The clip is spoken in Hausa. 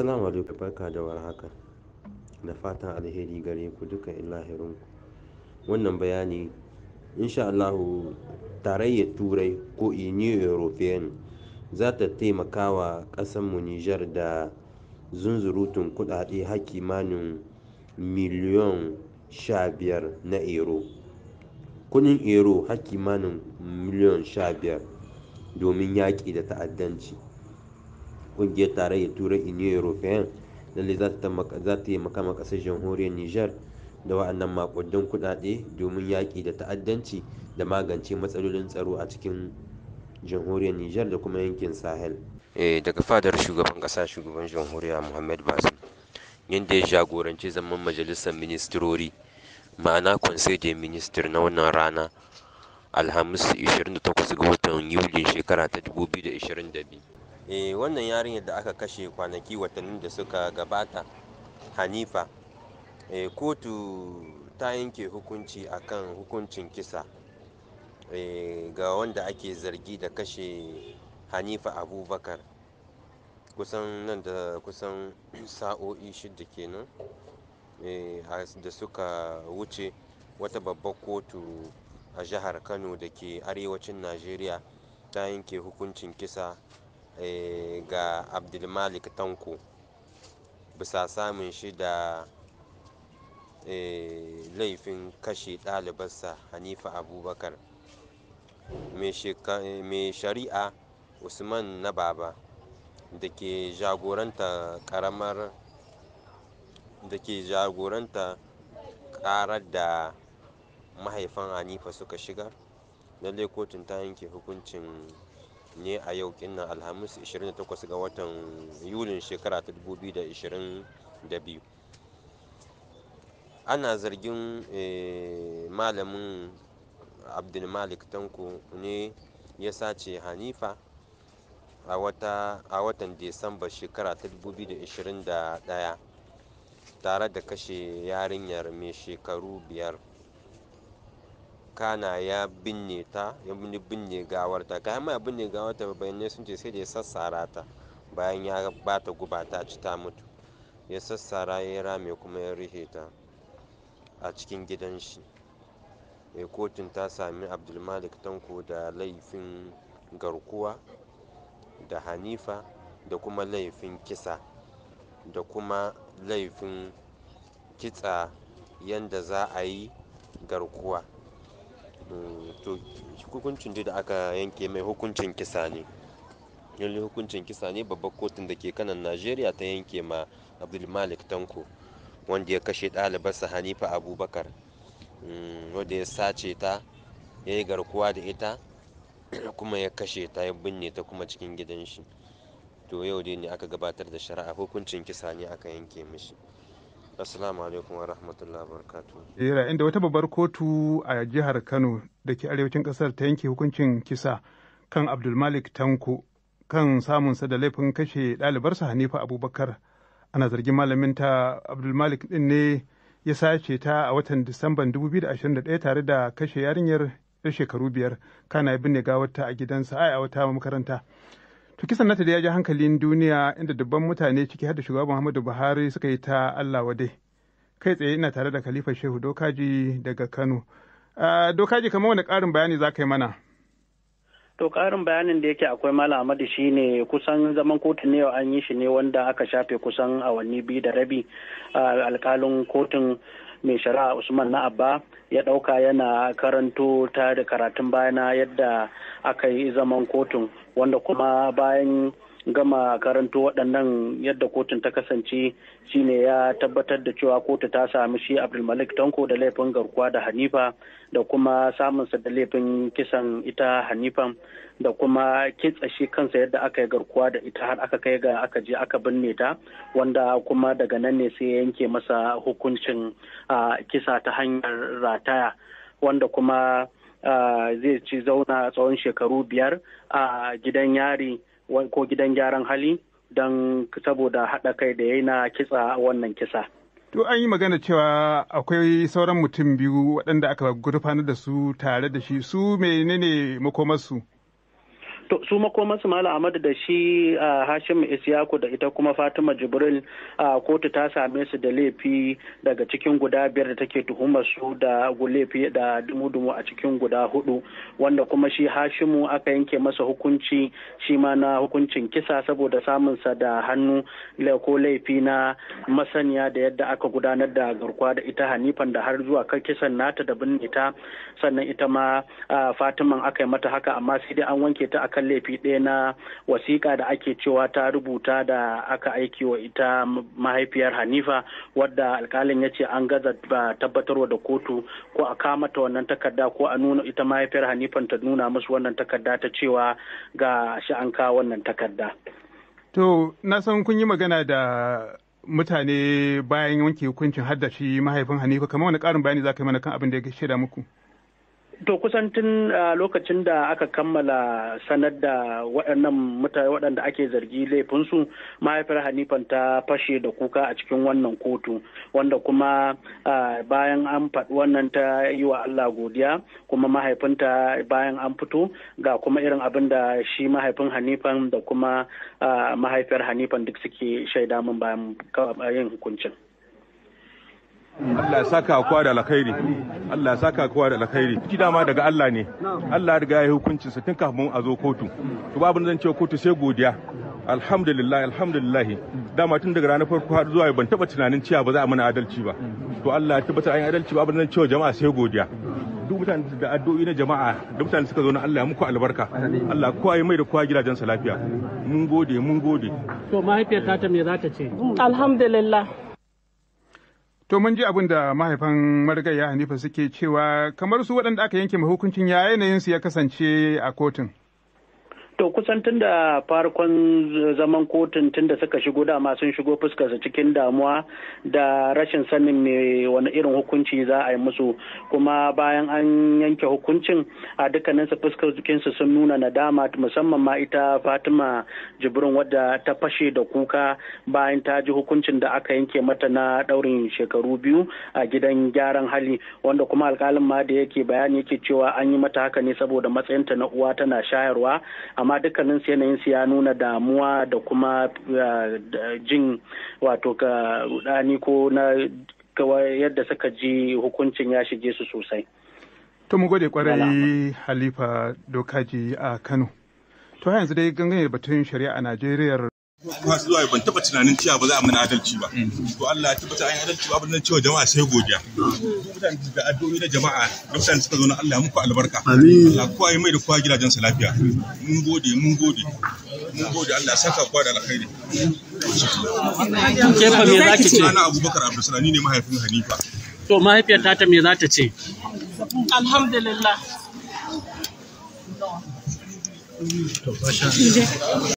Assalamu alaikum barka da warhaka da fatan alheri gare ku ilahirin ku Wannan bayani insha Allahu tarayyar Turai ko Union European za ta taimakawa mu Nijar da zunzurutun kuɗaɗe har kimanin miliyon sha na euro. Kuɗin euro har kimanin miliyon sha biyar domin yaƙi da ta'addanci. ƙungiyar tarayyar turai union european lalle za ta yi makama ƙasar jamhuriyar niger da wa'annan makudan kudade domin yaƙi da ta'addanci da magance matsalolin tsaro a cikin jamhuriyar niger da kuma yankin sahel eh, daga fadar shugaban ƙasa shugaban jamhuriya muhammad basu yadda ya jagoranci zaman majalisar ministirori ma'ana conseil de ministre na wannan rana alhamis 28 ga watan yulin shekara ta 2022 eh wannan yarinyar da aka kashe kwanaki watannin da suka gabata hanifa eh kotu ta yanke hukunci akan hukuncin kisa eh ga wanda ake zargi da kashe hanifa abubakar kusan nan da kusan sa'o'i shida kenan eh, da suka wuce wata babbar kotu a jihar kano da ke arewacin najeriya ta yanke hukuncin kisa Eh, ga abdulmalik tanko bisa samun shi da eh, laifin kashe ɗalibarsa hanifa abubakar mai shari'a usman na baba da ke jagoranta karamar da ke jagoranta karar da mahaifan hanifa suka shiga lallai kotun ta yanke hukuncin ne a yau nan Alhamis 28 ga watan Yulin shekara ta 2022. Ana zargin eh, Malamin Abdulmalik Tanko ne ya sace Hanifa a watan Disambar shekara ta 2021 tare da kashe yarinyar mai shekaru biyar. kana ya binne ta ya binne gawarta kayan ma ya binne gawarta bayanai sun ce sai da ya sassara ta bayan ya ba ta guba ta ci ta mutu ya sassara ya rame kuma ya rufe ta a cikin gidan shi mai eh, kotun ta sami abdulmalik tanko da laifin garkuwa da hanifa da kuma laifin kisa da kuma laifin kitsa yadda za a yi garkuwa to hukuncin da aka yanke mai hukuncin kisa ne lalle hukuncin kisa ne babbar kotun da ke kanan najeriya ta yanke ma abdulmalik tanko wanda ya kashe ɗalibarsa hanifa abubakar mm, wanda ya sace ta ya yi garkuwa da ita kuma ya kashe ta ya binne ta kuma cikin gidan shi to yau dai ne aka gabatar da shari'a hukuncin kisa ne aka yanke mishi Assalamu alaikum wa rahmatullahi wa barakatuhu. inda wata babbar kotu a jihar Kano da ke arewacin kasar ta yanke hukuncin kisa kan Abdulmalik Tanko kan samunsa da laifin kashe ɗalibarsa Hanifa Abubakar. Ana zargin malamin ta Abdulmalik din ne ya sace ta a watan Disamban 2021 tare da kashe yarinyar yar shekaru biyar kana binne gawarta a gidansa ai a wata makaranta. To kisan nata da ya ji hankalin duniya inda dubban mutane ciki har da shugaban Muhammadu Buhari suka yi ta Allah wade. Kai tsaye ina tare da Khalifa Shehu Dokaji daga Kano. Dokaji kamar wani ƙarin bayani za ka yi mana? To ƙarin bayanin da yake akwai Malam Ahmadu ne kusan zaman kotun ne an yi shi ne wanda aka shafe kusan awanni biyu da rabi alkalin kotun mai shari'a usman na abba ya ɗauka yana karanto ta da karatun bayana yadda aka yi zaman kotun wanda kuma bayan gama karanto waɗannan yadda kotun ta kasance shine ya tabbatar da cewa kotu ta sami shi abdulmalik tanko da laifin garkuwa da hanifa da kuma samunsa da laifin kisan ita hanifan da kuma kitsa shi kansa yadda aka yi garkuwa da ita har aka kai ga aka je aka binne ta wanda kuma daga nan ne sai yanke masa hukuncin kisa ta hanyar rataya wanda kuma zai ci zauna tsawon shekaru biyar a gidan yari ko gidan gyaran hali don saboda haɗa kai da yayi na kitsa wannan kisa. To an yi magana cewa akwai sauran mutum biyu waɗanda aka gurfanar da su tare da shi su menene makomarsu? to su makomansu malam ahmad da shi a hashim isyaku da ita kuma fatima jibril kotu ta same su da laifi daga cikin guda biyar da take tuhumar su da laifi da dumu-dumu a cikin guda hudu wanda kuma shi hashimu aka yanke masa hukunci shi ma na hukuncin kisa saboda samunsa da hannu ko laifi na masaniya da yadda aka gudanar da garkuwa da ita hanifan da har zuwa kan kisan nata da binne ta sannan ita ma fatiman aka yi mata haka amma sai dai an wanke ta akan kan laifi ɗaya na wasiƙa da ake cewa ta rubuta da aka aiki wa ita mahaifiyar hanifa wadda alkalin ya ce an gaza tabbatarwa da kotu ko a kama ta wannan takarda ko a nuna ita mahaifiyar hanifan ta nuna musu wannan takarda ta cewa ga shi an kawo wannan takarda. to na san kun yi magana da mutane bayan yanke hukuncin haddashi mahaifin hanifa kamar wani ƙarin bayani za ka yi mana kan abin da ya shaida muku. To kusan tun lokacin da aka kammala sanar da waɗannan mutane waɗanda ake zargi laifinsu mahaifiyar Hanifan ta fashe da kuka a cikin wannan kotu wanda kuma bayan an faɗi wannan ta yi wa Allah godiya kuma mahaifinta bayan an fito ga kuma irin abin da shi mahaifin Hanifan da kuma mahaifiyar Hanifan duk suke shaida min bayan yin hukuncin. Allah ya saka kowa da alkhairi Allah ya saka kowa da alkhairi ki dama daga Allah ne Allah ya riga ya hukuncin sa tun kafin a zo kotu to babu zan ce kotu sai godiya alhamdulillah alhamdulillah dama tun daga ranar farko har zuwa ban taba tunanin cewa ba za a mana adalci ba to Allah ya tabbatar an adalci ba zan cewa jama'a sai godiya duk mutane da addu'o'i na jama'a da mutane suka zo na Allah ya muku albarka Allah kowa ya mai da kowa sa lafiya mun gode mun gode to mahaifiyar ta me za ta ce alhamdulillah To mun ji abin da mahaifan marigayya Hanifa suke cewa kamar su waɗanda aka yanke hukuncin ya yanayin su ya kasance a kotun. To kusan tun da farkon zaman kotun tun da suka shigo dama sun shigo fuskarsa cikin damuwa da rashin sanin me wani irin hukunci za a yi musu kuma bayan an yanke hukuncin a dukkanin su fuskar su sun nuna nadama musamman ma ita Fatima Jibrin wadda ta fashe da kuka bayan ta ji hukuncin da aka yanke mata na daurin shekaru biyu a gidan gyaran hali wanda kuma alkalin ma da yake bayani yake cewa an yi mata haka ne saboda matsayinta na uwa tana shayarwa amma amma dukkanin su yanayin su ya nuna damuwa da kuma uh, jin wato ka rudani ko na yadda suka ji hukuncin ya shige su sosai. To mu gode kwarai Halifa Dokaji a Kano. To yanzu dai gangan batun shari'a a Najeriya masu zuwa ban taba tunanin cewa ba za a mana adalci ba mm. to Allah ya tabbata an yi adalci ba abin cewa jama'a sai godiya mutane da addu'o'i na jama'a mutane suka zo na Allah muku albarka Allah kowa yi mai da kowa gidajen sa lafiya mun gode mun gode mun gode Allah saka kowa da alkhairi ke fa me zaki ce ana Abubakar Abdulsalani ne mahaifin Hanifa to mahaifiyar ta me za ta ce alhamdulillah